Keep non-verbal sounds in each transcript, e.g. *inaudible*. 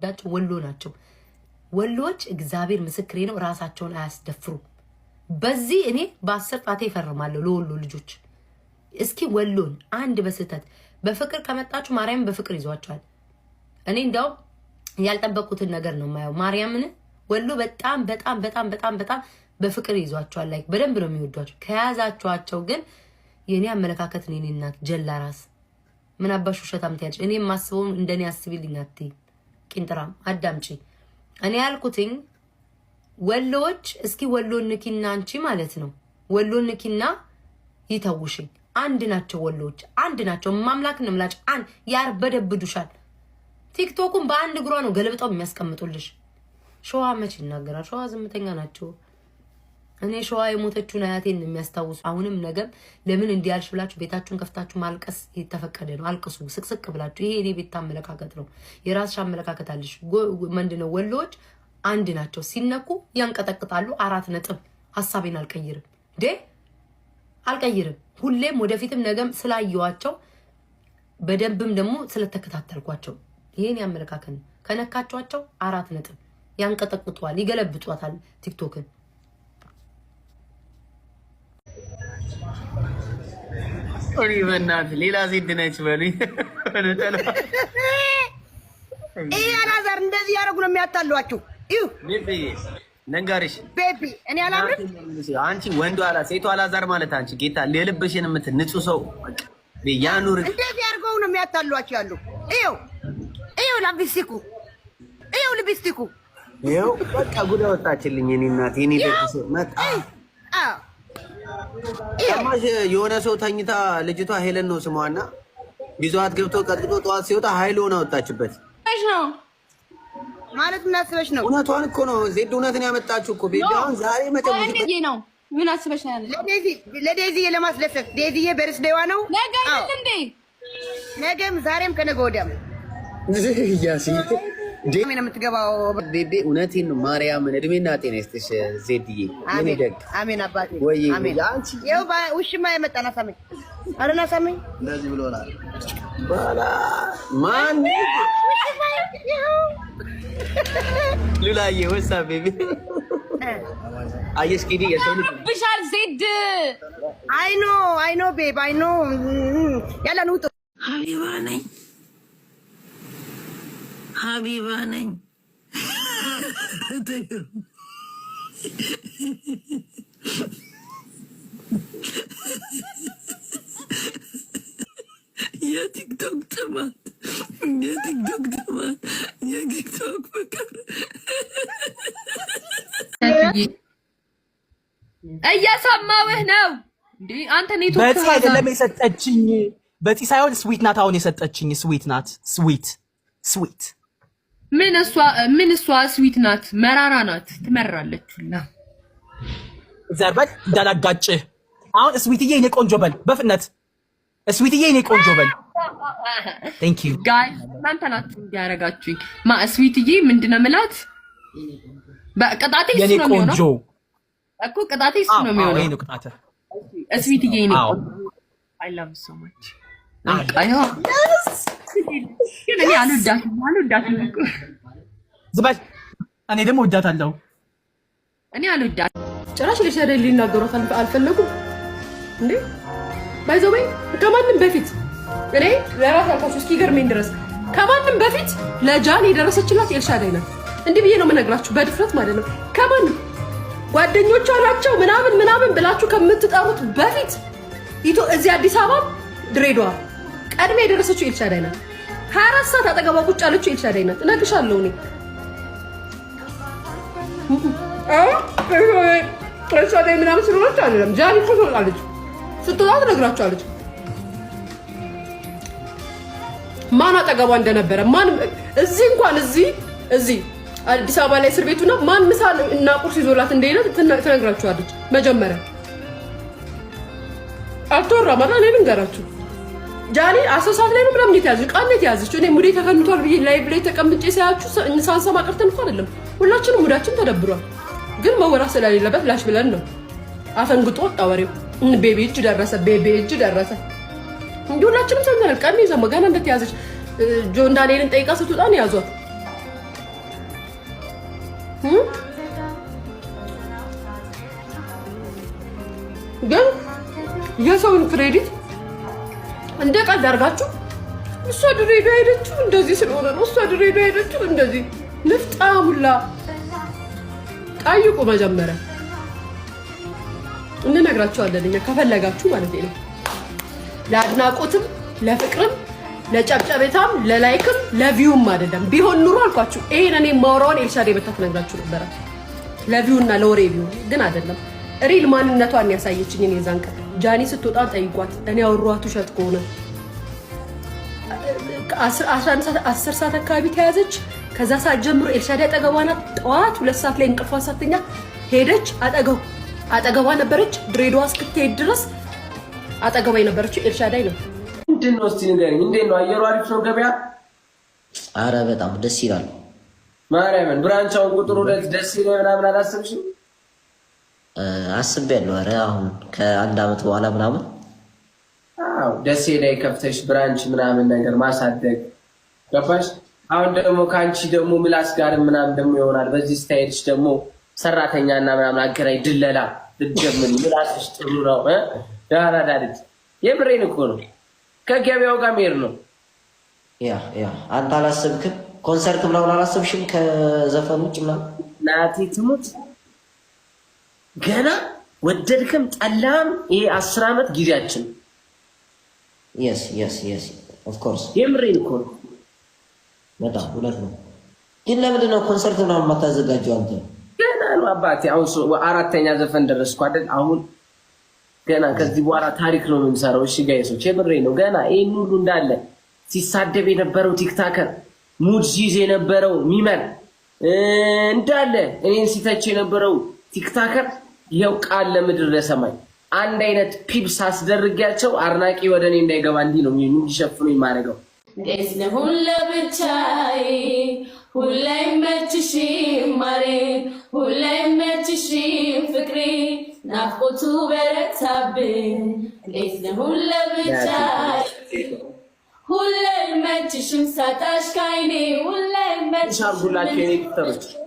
የምንወዳቸው ወሎ ናቸው። ወሎዎች እግዚአብሔር ምስክሬ ነው፣ ራሳቸውን አያስደፍሩም። በዚህ እኔ በአስር ጣቴ ይፈርማለሁ ለወሎ ልጆች። እስኪ ወሎን አንድ በስህተት በፍቅር ከመጣችሁ ማርያም በፍቅር ይዟቸዋል። እኔ እንዲያውም ያልጠበቁትን ነገር ነው የማየው። ማርያምን ወሎ በጣም በጣም በጣም በጣም በጣም በፍቅር ይዟቸዋል። ላይ በደንብ ነው የሚወዷቸው። ከያዛቸዋቸው ግን የእኔ አመለካከት እኔ እናት ጀላ ራስ ምን አባሽ ውሸታም ትያለሽ? እኔ የማስበውን እንደኔ አስቢልኝ አትይም። ቂንጥራም አዳምጪ። እኔ ያልኩትኝ ወሎዎች እስኪ ወሎ ንኪና አንቺ ማለት ነው ወሎ ንኪና ይተውሽኝ። አንድ ናቸው ወሎዎች፣ አንድ ናቸው። ማምላክ ንምላጭ አን ያርበደብዱሻል። ቲክቶኩን በአንድ እግሯ ነው ገለብጣው የሚያስቀምጡልሽ። ሸዋ መች ይናገራል? ሸዋ ዝምተኛ ናቸው። እኔ ሸዋ የሞተችውን አያቴን የሚያስታውሱ አሁንም ነገም ለምን እንዲያልሽ ብላችሁ ቤታችሁን ከፍታችሁ ማልቀስ የተፈቀደ ነው። አልቅሱ ስቅስቅ ብላችሁ። ይሄ እኔ ቤት አመለካከት ነው። የራስሽ አመለካከት አለሽ። ምንድን ወሎዎች አንድ ናቸው። ሲነኩ ያንቀጠቅጣሉ። አራት ነጥብ። ሀሳቤን አልቀይርም ዴ አልቀይርም። ሁሌም ወደፊትም ነገም ስላየዋቸው በደንብም ደግሞ ስለተከታተልኳቸው ይሄን ያመለካከት ነው። ከነካችኋቸው አራት ነጥብ ያንቀጠቅጧል፣ ይገለብጧታል ቲክቶክን እኔ በእናትህ ሌላ ዜድ ነች በሉኝ። ይህ አላዛር እንደዚህ ያደረጉ ነው የሚያታሏችሁ። ነንጋሪሽ ቤቢ እኔ አላምንም። አንቺ ወንዱ አላ ሴቱ አላዛር ማለት አንቺ ጌታ የልብሽን የምትል ንጹህ ሰው ያኑር። እንደዚህ አድርገው ነው የሚያታሏችሁ ያሉ ይው ይው ላቢስቲኩ ይው ልቢስቲኩ ይው በቃ ጉዳ ወጣችልኝ። እኔ እናት ኔ ቤተሰብ መጣ ማሽ የሆነ ሰው ተኝታ ልጅቷ ሄለን ነው ስሟና ይዟት ገብቶ ቀጥቅጦ ጠዋት ሲወጣ ሀይል ሆነ ወጣችበት ነው ማለት ምን አስበሽ ነው? እውነቷን እኮ ነው ዜድ እውነትን ያመጣችሁ እኮ ቤቢ። አሁን ዛሬ መጨመሽ ነው። ምን አስበሽ ነው ለዴዚዬ ለማስለሰፍ ዴዚዬ በርስዴዋ ነው ነገ እንዴ? ነገም ዛሬም ከነገ ወዲያም እያሲ ጄሚ ነው የምትገባው። ቤቤ እውነቴን ነው ማርያምን፣ እድሜና ጤና ይስጥሽ ዜድዬ። ምን ይደግ አሜን። አባቴ ወይ አንቺ ያው ውሽማ የመጣና ሳመኝ አረና ሳመኝ እንደዚህ ብሎናል። ባላ ማን ሉላዬ ወሳ ቤቢ አየሽ ኪዲ የሰውን ዜድ አይኖ አይኖ ቤብ አይኖ ያለን ውጡ ሀቢባ ነኝ ሀቢባ ነኝ። የቲክቶክ ጥማት የቲክቶክ ጥማት የቲክቶክ ፍቅር እያሰማውህ ነው። አንተ በጢስ አይደለም የሰጠችኝ፣ በጢስ ሳይሆን ስዊት ናት። አሁን የሰጠችኝ ስዊት ናት። ስዊት ስዊት ምን እሷ ስዊት ናት፣ መራራ ናት፣ ትመራለችና ዘርበል እንዳላጋጭ። አሁን ስዊትዬ የኔ ቆንጆ በል በፍጥነት ስዊትዬ የኔ ቆንጆ በል። ቴንክ ዩ ጋይ እናንተ ናችሁ እንዲያረጋችሁኝ። ማ ስዊትዬ ምንድን ነው የምላት? ቅጣቴ እሱ ነው የሚሆነው እኮ ቅጣቴ እሱ ነው የሚሆነው። ስዊትዬ የኔ ቆንጆ አይ ላቭ ሶ ማች እኔ ደግሞ ወዳታለሁ። እኔ አልወዳት ጭራሽ ለሻደ ሊናገሯት አልፈለጉም እንዴ? ባይዘወይ ከማንም በፊት እኔ ለራስ አልኳቸው እስኪገርመኝ ድረስ ከማንም በፊት ለጃን የደረሰችላት ኤልሻዳይ ናት። እንዲህ ብዬ ነው የምነግራችሁ በድፍረት ማለት ነው። ከማንም ጓደኞቿ ናቸው ምናምን ምናምን ብላችሁ ከምትጠሩት በፊት ይቶ እዚህ አዲስ አበባ ድሬዳዋ ቀድሜ የደረሰችው ኤልሻዳይ ናት። ሀያ አራት ሰዓት አጠገባ ቁጭ ያለችው ኤልሻዳይ ናት። እነግርሻለሁ እኔ ኤልሻዳይ ምናምን ስለሆነች አይደለም ጃኒ እኮ ትወጣለች ስትወጣ ትነግራቸዋለች ማን አጠገቧ እንደነበረ ማን እዚህ እንኳን እዚህ እዚህ አዲስ አበባ ላይ እስር ቤቱና ማን ምሳ እና ቁርስ ይዞላት እንደሄደ ትነግራችኋለች። መጀመሪያ አልተወራም አይደል? እኔ ልንገራችሁ ጃኒ አስር ሰዓት ላይ ነው ምናምን የተያዘች ዕቃ የተያዘች። እኔ ሙዴ ተከንቷል ብዬ ላይ ላይ ተቀምጬ ሳያችሁ ሳንሰማ ቀርተን እኮ አይደለም። ሁላችንም ሙዳችን ተደብሯል፣ ግን መወራ ስለሌለበት ላሽ ብለን ነው። አፈንግጦ ወጣ ወሬው። ቤቤ እጅ ደረሰ፣ ቤቤ እጅ ደረሰ። እንዲ ሁላችንም ሰምተናል። ቀን ይዘሞ ገና እንደተያዘች ጆን ዳንኤልን ጠይቃ ስትወጣ ነው ያዟት። ግን የሰውን ክሬዲት እንደ ቀልድ አድርጋችሁ እሷ ድሬዳዋ ሄደችው እንደዚህ ስለሆነ ነው። እሷ ድሬዳዋ ሄደችው እንደዚህ ልፍጣ ሁላ ጠይቁ መጀመሪያ እንነግራችኋለን እኛ ከፈለጋችሁ ማለት ነው። ለአድናቆትም ለፍቅርም ለጨብጨቤታም ለላይክም ለቪውም አይደለም። ቢሆን ኑሮ አልኳችሁ ይሄን እኔ ማውራውን ኤልሻዴ በታ ነግራችሁ ነበረ። ለቪውና ለወሬ ቪው ግን አይደለም። ሪል ማንነቷን ያሳየችኝ እኔ የዛን ቀን ጃኒ ስትወጣ ጠይቋት። እኔ አወሯት ውሸት ከሆነ አስር ሰዓት አካባቢ ተያዘች። ከዛ ሰዓት ጀምሮ ኤልሻዳይ አጠገቧ ናት። ጠዋት ሁለት ሰዓት ላይ እንቅልፏን ሳትተኛ ሄደች። አጠገቧ ነበረች። ድሬዳዋ እስክትሄድ ድረስ አጠገቧ የነበረችው ኤልሻዳይ ነው። ምንድን ነው እስኪ ንገሪኝ፣ እንዴት ነው አየሩ? አሪፍ ነው ገበያ? አረ በጣም ደስ ይላል። ማርያምን ብራንቻውን ቁጥር ሁለት ደስ ይላል ምናምን አላሰብሽም? አስቤያለሁ። ኧረ አሁን ከአንድ አመት በኋላ ምናምን ደሴ ላይ ከፍተሽ ብራንች ምናምን ነገር ማሳደግ ገባሽ። አሁን ደግሞ ከአንቺ ደግሞ ምላስ ጋር ምናምን ደግሞ ይሆናል። በዚህ ስታይልሽ ደግሞ ሰራተኛና ምናምን አገራዊ ድለላ ልትጀምሪ ምላስሽ ጥሩ ነው። የአራዳ ልጅ የምሬን እኮ ነው። ከገበያው ጋር መሄድ ነው። ያ ያ አንተ አላሰብክም? ኮንሰርት ምናምን አላሰብሽም? ከዘፈን ውጭ ምናምን ናቲ ትሙት ገና ወደድክም ጠላም ይሄ አስር ዓመት ጊዜያችን የስ የስ የስ ኦፍ የምሬን እኮ ነው። በጣም ሁለት ነው። ግን ለምንድን ነው ኮንሰርት ምናምን የማታዘጋጀው አንተ? ገና ነው አባቴ። አሁን አራተኛ ዘፈን ደረስኩ አይደል? አሁን ገና ከዚህ በኋላ ታሪክ ነው የምንሰራው። እሺ ጋይሶች የምሬን ነው። ገና ይህን ሁሉ እንዳለ ሲሳደብ የነበረው ቲክታከር ሙድ ሲይዝ የነበረው ሚመር እንዳለ እኔን ሲተች የነበረው ቲክታከር ይኸው ቃል ለምድር ለሰማይ አንድ አይነት ፒብ ሳስደርጊያቸው አድናቂ ወደ እኔ እንዳይገባ እንዲህ ነው እንዲሸፍኑ የማደርገው። ሁለ ብቻይ ሁላይ ይመችሽ ማሬ፣ ሁላ ይመችሽ ፍቅሬ፣ ናፍቆቱ በረታብኝ። ሁለ ብቻዬ ሁላ ይመችሽም ሳጣሽ ካይኔ ሁላ ይመችሽ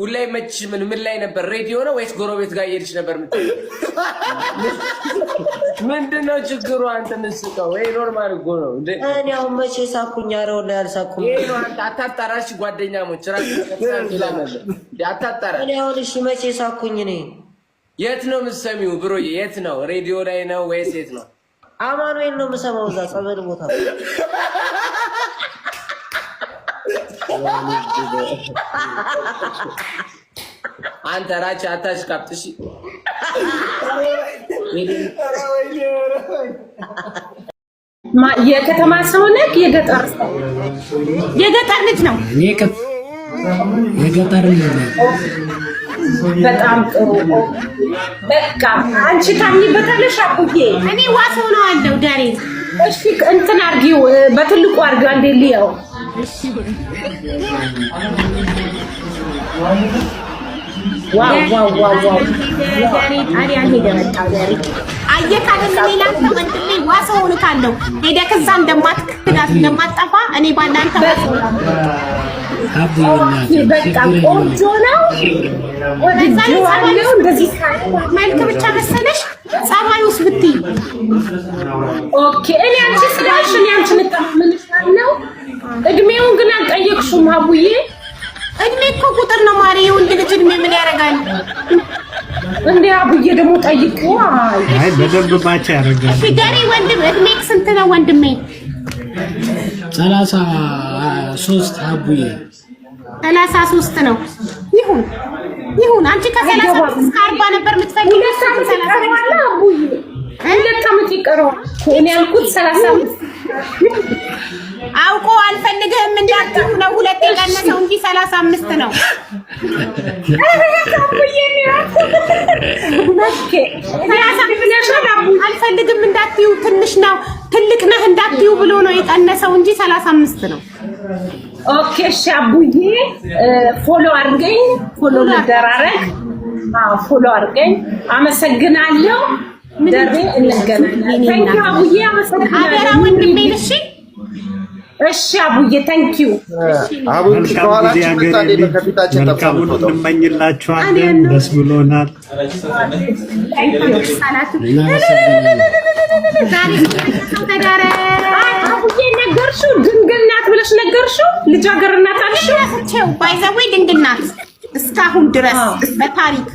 ሁላይ መች ምን ምን ላይ ነበር? ሬዲዮ ነው ወይስ ጎረቤት ጋር እየሄድሽ ነበር? ምት ምንድነው ችግሩ? አንተ ንስቀው ወይ ኖርማል እኮ ነው። እኔ አሁን መቼ ሳኩኝ? ኧረ ወላሂ አልሳኩም። አታጣራሽ፣ ጓደኛሞች አታጣራ። እኔ አሁን እሺ፣ መቼ ሳኩኝ? እኔ የት ነው የምትሰሚው? ብሮ የት ነው? ሬዲዮ ላይ ነው ወይስ የት ነው? አማኑኤል ነው የምሰማው፣ እዛ ጸበል ቦታ አንተ ራች አታሽ ካፕጥሽ የከተማ ሰው ነህ? የገጠር ሰው የገጠር ልጅ ነው። የገጠር ልጅ በጣም ጥሩ። በቃ አንቺ ታምኝበታለሽ አቡዬ። እኔ ዋሰው ነው አለው ዳሬ። እሺ እንትን አርጊው፣ በትልቁ አርጊው። አንዴ ልየው እንደማትጠፋ እኔ ባናንተ በቃ ቆንጆ ነው። መልክ ብቻ መሰለሽ ፀባይ ውስጥ ብትይ ኦኬ እኔ አንቺ ስለሽ ነው እድሜውን ግን አልጠየቅሽም አቡዬ። እድሜ እኮ ቁጥር ነው ማሪ። የወንድ ልጅ እድሜ ምን ያደርጋል? እንዴ? አቡዬ ደግሞ ጠይቁ። አይ በደንብ ባቻ ያደርጋል። ፊገሪ ወንድም እድሜ ስንት ነው ወንድሜ? ሰላሳ ሶስት አቡዬ ሰላሳ ሶስት ነው። ይሁን ይሁን። አንቺ ከሰላሳ እስከ አርባ ነበር የምትፈልጊው። ሁለት ይቀረዋል እኔ ያልኩት ሰላሳ አውቆ አልፈልግህም እንዳትሉ ነው። ሁለት የቀነሰው እንጂ ሰላሳ አምስት ነው። አልፈልግም እንዳትዩ ትንሽ ነው ትልቅ ነህ እንዳትዩ ብሎ ነው የቀነሰው እንጂ ሰላሳ አምስት ነው። ኦኬ እሺ፣ አቡዬ ፎሎ አድርገኝ፣ ፎሎ ልደራረግ። አዎ ፎሎ አድርገኝ። አመሰግናለሁ። ደሬ እንገናኛለን። አቡዬ አመሰግናለሁ። አደራ ወንድሜ ልሽ እሺ አቡዬ ታንኪዩ። ዩ። አቡዬ ከኋላችን ምሳሌ በከፊታችን ተብሎ እንመኝላችኋለን። ደስ ብሎናል። አቡዬ ነገርሽው ድንግል ናት ብለሽ ነገርሽው ልጃገር ናት አልሽው። ድንግል ናት እስካሁን ድረስ በታሪክ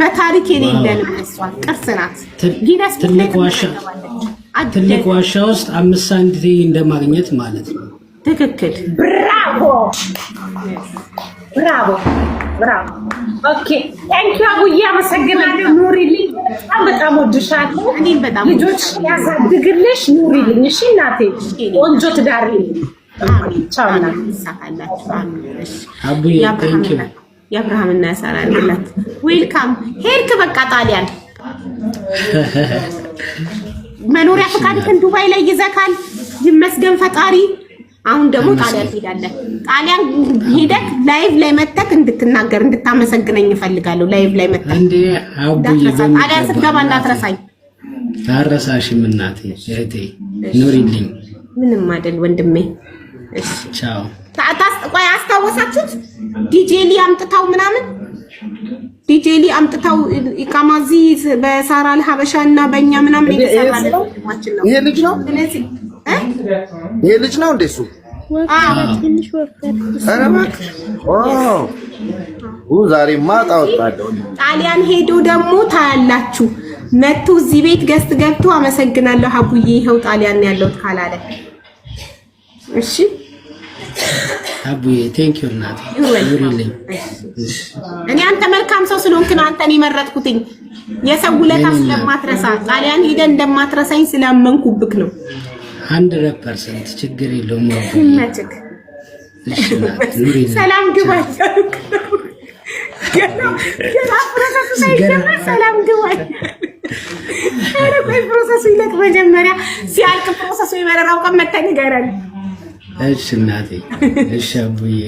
በታሪክ የሌለን ቅርስ ናት። ጊነስ ትልቅ ዋሻ ትልቅ ዋሻ ውስጥ አምስት አንድ ትይ እንደማግኘት ማለት ነው። ትክክል። ብራቮ ብራቮ ብራቮ። ኦኬ ታንኪ አቡዬ፣ አመሰግናለሁ። ኑሪልኝ። በጣም በጣም ወድሻለሁ። እኔም በጣም ልጆች ያሳድግልሽ። ኑሪልኝ። እሺ እናቴ፣ ቆንጆ ትዳር የአብርሃምና የሳራ ላት ዌልካም። ሄድክ በቃ ጣሊያን *laughs* መኖሪያ ፈቃድህን ዱባይ ላይ ይዘካል። ይመስገን ፈጣሪ። አሁን ደግሞ ጣሊያን ትሄዳለህ። ጣሊያን ሄደህ ላይቭ ላይ መተክ እንድትናገር እንድታመሰግነኝ እፈልጋለሁ። ላይቭ ላይ መተክ ጣሊያን ስትገባ እንዳትረሳኝ። ታረሳሽም እናቴ እህቴ ኑሪልኝ። ምንም አይደል ወንድሜ። ቻው። ቆይ አስታወሳችሁት ዲጄ ሊ አምጥታው ምናምን ዲጄሊ አምጥተው ኢቃማዚ በሳራ ለሀበሻ እና በእኛ ምናምን እየተሰራለ ይሄ ልጅ ነው። ስለዚህ ይሄ ልጅ ነው እንደ እሱ ጣሊያን ሄዶ ደግሞ ታያላችሁ። መቶ እዚህ ቤት ገዝት ገብቶ አመሰግናለሁ ሀቡዬ፣ ይኸው ጣሊያን ያለሁት ካላለ እሺ አቡዬ ቴንክ ዩ እናቴ እኔ አንተ መልካም ሰው ስለሆንክ ነው አንተን የመረጥኩትኝ። የሰው ውለታ ስለማትረሳ ጣሊያን ሂደ እንደማትረሳኝ ስላመንኩብክ ነው። ሀንድረድ ፐርሰንት ችግር የለውም። ሰላም ግባ ሰላም ግባ። ፕሮሰሱ ይለቅ መጀመሪያ ሲያልቅ ፕሮሰሱ የመረራው ቀን መተን ይገራል እሺ እናቴ፣ እሺ አቡዬ፣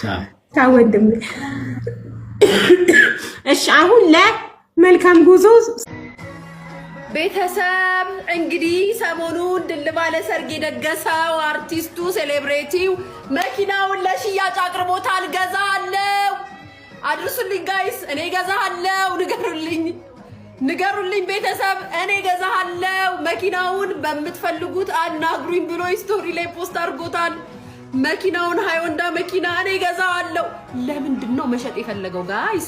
ቻ ወንድም። እሺ አሁን ለመልካም ጉዞ ቤተሰብ እንግዲህ ሰሞኑን ድል ባለ ሰርግ የደገሰው አርቲስቱ ሴሌብሬቲው መኪናውን ለሽያጭ አቅርቦታል። ገዛለው፣ አድርሱልኝ ጋይስ፣ እኔ ገዛለው፣ ንገሩልኝ። ንገሩልኝ ቤተሰብ፣ እኔ ገዛሃለው መኪናውን በምትፈልጉት አናግሩኝ ብሎ ስቶሪ ላይ ፖስት አድርጎታል። መኪናውን ሃይወንዳ መኪና እኔ ገዛዋለሁ። ለምንድን ነው መሸጥ የፈለገው ጋይስ?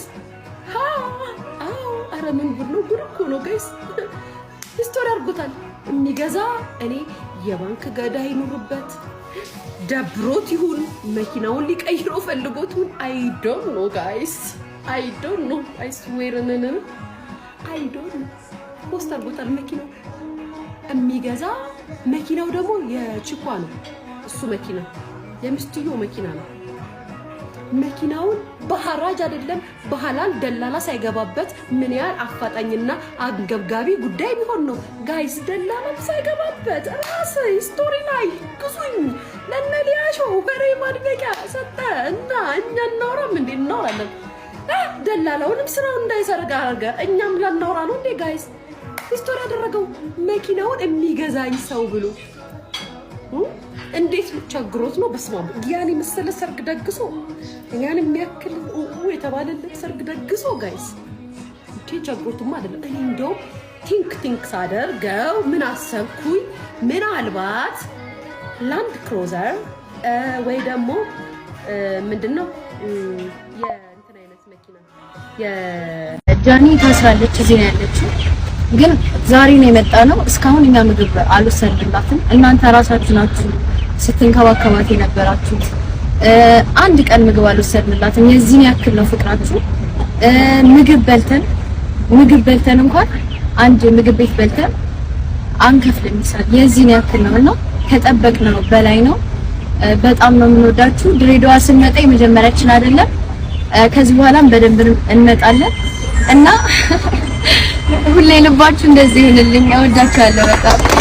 አረ ምን ጉድ ነው! ጉድ እኮ ነው ጋይስ። ስቶሪ አድርጎታል። የሚገዛ እኔ የባንክ ገዳ ይኑርበት፣ ደብሮት ይሁን፣ መኪናውን ሊቀይረው ፈልጎት ይሁን፣ አይዶን ነው ጋይስ፣ አይዶን ነው አይስዌርንን አይዶን ፖስተር አድርጎታል። መኪናው የሚገዛ መኪናው ደግሞ የችኳ ነው። እሱ መኪና የምስትዮ መኪና ነው። መኪናውን በሐራጅ አይደለም በሐላል ደላላ ሳይገባበት ምን ያህል አፋጣኝና አንገብጋቢ ጉዳይ ቢሆን ነው ጋይስ። ደላላም ሳይገባበት ራስ ስቶሪ ላይ ግዙኝ ለነሊያሾ ወሬ ማድመቂያ ሰጠ እና እኛ እናውራም እንዴ እናውራለን ደላላውንም ስራው እንዳይሰርግ አርገ እኛም ላናውራ ነው እንዴ ጋይስ? ስቶሪ ያደረገው መኪናውን የሚገዛኝ ሰው ብሎ እንዴት ቸግሮት ነው? በስማ ያን የመሰለ ሰርግ ደግሶ እኛን የሚያክል የተባለለት ሰርግ ደግሶ ጋይስ ቸግሮትማ አይደለም። እኔ እንደው ቲንክ ቲንክ ሳደርገው ምን አሰብኩኝ፣ ምናልባት ላንድ ክሮዘር ወይ ደግሞ ምንድን ነው ጃኒ ታስራለች፣ እዚህ ነው ያለችው። ግን ዛሬ ነው የመጣ ነው። እስካሁን እኛ ምግብ አልወሰድንላትም። እናንተ ራሳችሁ ናችሁ ስትንከባከባት የነበራችሁት። አንድ ቀን ምግብ አልወሰድንላትም። የዚህን ያክል ነው ፍቅራችሁ። ምግብ በልተን ምግብ በልተን እንኳን አንድ ምግብ ቤት በልተን አንከፍልም። ይሳል የዚህን ያክል ነው እና ከጠበቅነው በላይ ነው። በጣም ነው የምንወዳችሁ። ድሬዳዋ ስንመጣ የመጀመሪያችን አይደለም። ከዚህ በኋላም በደንብ እንመጣለን እና *laughs* ሁሌ ልባችሁ እንደዚህ ይሁንልኝ። እወዳችኋለሁ በጣም